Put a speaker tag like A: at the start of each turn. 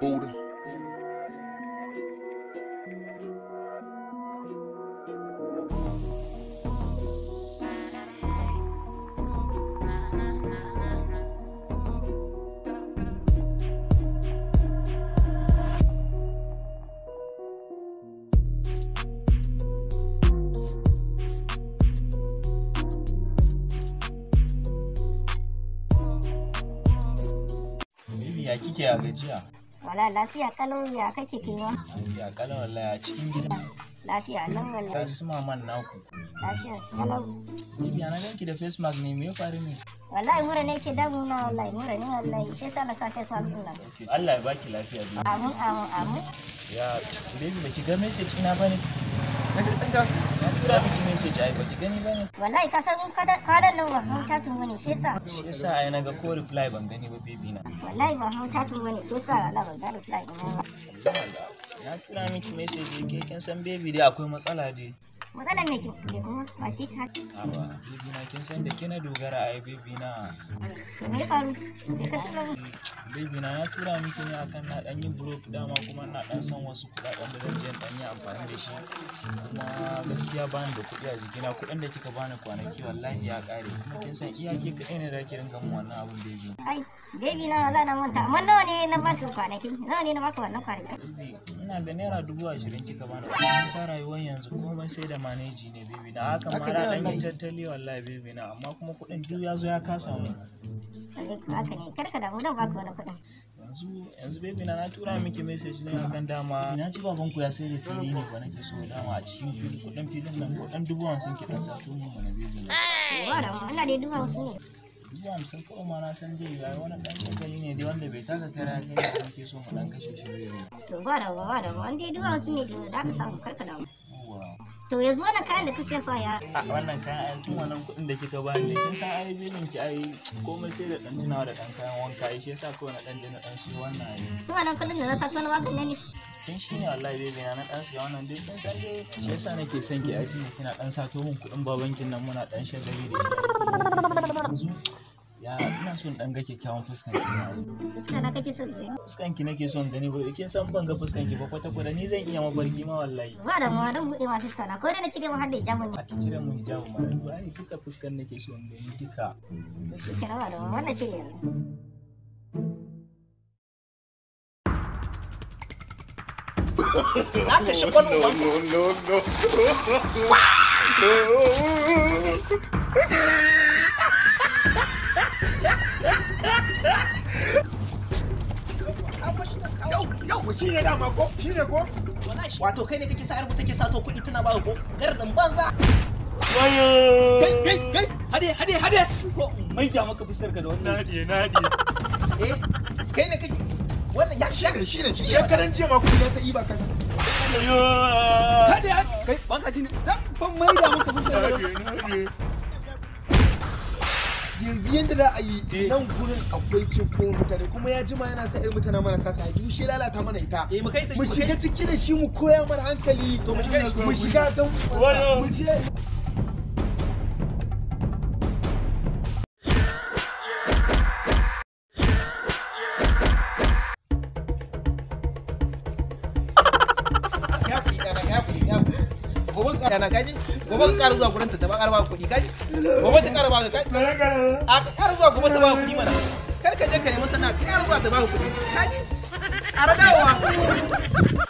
A: Buddha. ya kike a gajiya
B: Wala lafiya kalau ya kai kake wa?
A: Lafiya kalau wallahi a cikin gida.
B: Lafiya nan wallahi.
A: Ka su maman ku. Lafiya kalau. Ya na ganki da face mask ne me ya faru ne?
B: Wallahi mura ne ke damu na wallahi mura ne wallahi shi yasa na sa face mask nan.
A: Allah ya baki lafiya. biyu. Amin
B: amin amin.
A: Ya, Lizzy baki ga message ina bane. Message ɗinka. kira miki message ai baki gani bane
B: wallahi ka san kwanan nan ba hauta tun bane shi yasa shi yasa
A: ai naga ko reply ban gani ba bibi na
B: wallahi ba hauta tun bane shi yasa wallahi ban ga reply ba Allah
A: ya kira miki message ke kin san baby dai akwai matsala dai
B: matsalar ne ki kuma ba shi ta haba
A: bibi na kin san da kina dogara ai bibi na to me faru me ka tura eh, bibi na na tura miki ne akan na dan yin broke dama kuma na dan son wasu kudaden da zan je dan yi amfani da shi kuma gaskiya bani da kuɗi a jikina kuɗin da kika bani kwanaki wallahi ya ƙare kuma kin san iyaki ka ne za ki ringa mu wannan abun bibi
B: ai bibi na za na manta amma nawa ne na baka kwanaki nawa ne na baka
A: wannan kwanaki ina da naira dubu ashirin kika bani kuma sa rayuwar yanzu komai sai da maneji ne bebe da hmm. haka ma ra dan yi tattali wallahi bebe na amma kuma kuɗin duk ya zo ya kasa mu
B: haka ne kar ka damu zan baka wani kuɗin yanzu
A: yanzu baby na na tura miki message ne akan dama na ci baban ku ya sai da fili ne ba ke so dama a cikin fili kudin filin nan ko dan dubu hamsin ki dan sato mu bana baby na
B: Allah dai dubu hamsin
A: ne dubu hamsin kawai ma na san dai yayi wani dan kokari ne dai wanda bai taka kara kai ne ke so mu dan kashe shi baby
B: to ba da ba da ba an dai dubu hamsin ne da ka samu karka damu To yanzu wannan
A: kayan da ka siya fa ya. A wannan kayan ai tun wannan kuɗin da kika bani ne kin san ai bilin ki ai komai sai da dan tunawa da dan kayan wanka ai shi yasa kawai na dan jina dan shi wannan ai.
B: Tun wannan kuɗin da na sato na wakan ne.
A: Kin shi ne wallahi baby na dan siya wannan dai kin san dai shi yasa nake son ki ai kina dan sato min kuɗin babankin nan muna dan shagali da shi. so dan ga kyakkyawan fuskan ki fuskan na kake so gani fuskan ki nake son gani ba kin san ban ga fuskan ki ba kwata kwata ni zan iya mabarki ma wallahi
B: ba da mu dan bude ma fuskan na ko da na cire mu har da jamu ne a cire mu
A: jamu ma ba ni duka fuskan nake so in gani duka shi kira ba da wannan cire Zaka shi kwallon wani. No, no, no. shi ne dama ko shi ne ko wallahi wato kai ne kake sa yarku take sato kuɗi tana ba ko gardin banza wayo kai kai kai hade hade hade ko mai ja maka fisar ka da wannan nadi nadi eh kai ne kake wannan ya shi ne shi ne shi ya karance ma kuɗi ta iba kasa wayo hade hade kai ban ka ji ne dan ban mai ja maka fisar da wannan. yanzu da a yi nan gurin akwai ce mutane kuma ya jima yana sa irin mutane marasa ta haifi shi lalata mana ita eh, mu shiga ciki da shi mu koya mana hankali mu shiga don mu shiga kuɗi kaji gobe ka ƙara zuwa gurin ta ba ba kuɗi kaji gobe ta ba ka kaji a ka ƙara zuwa gobe ta ba kuɗi mana kar ka je ka nemi ka zuwa ta ba kuɗi kaji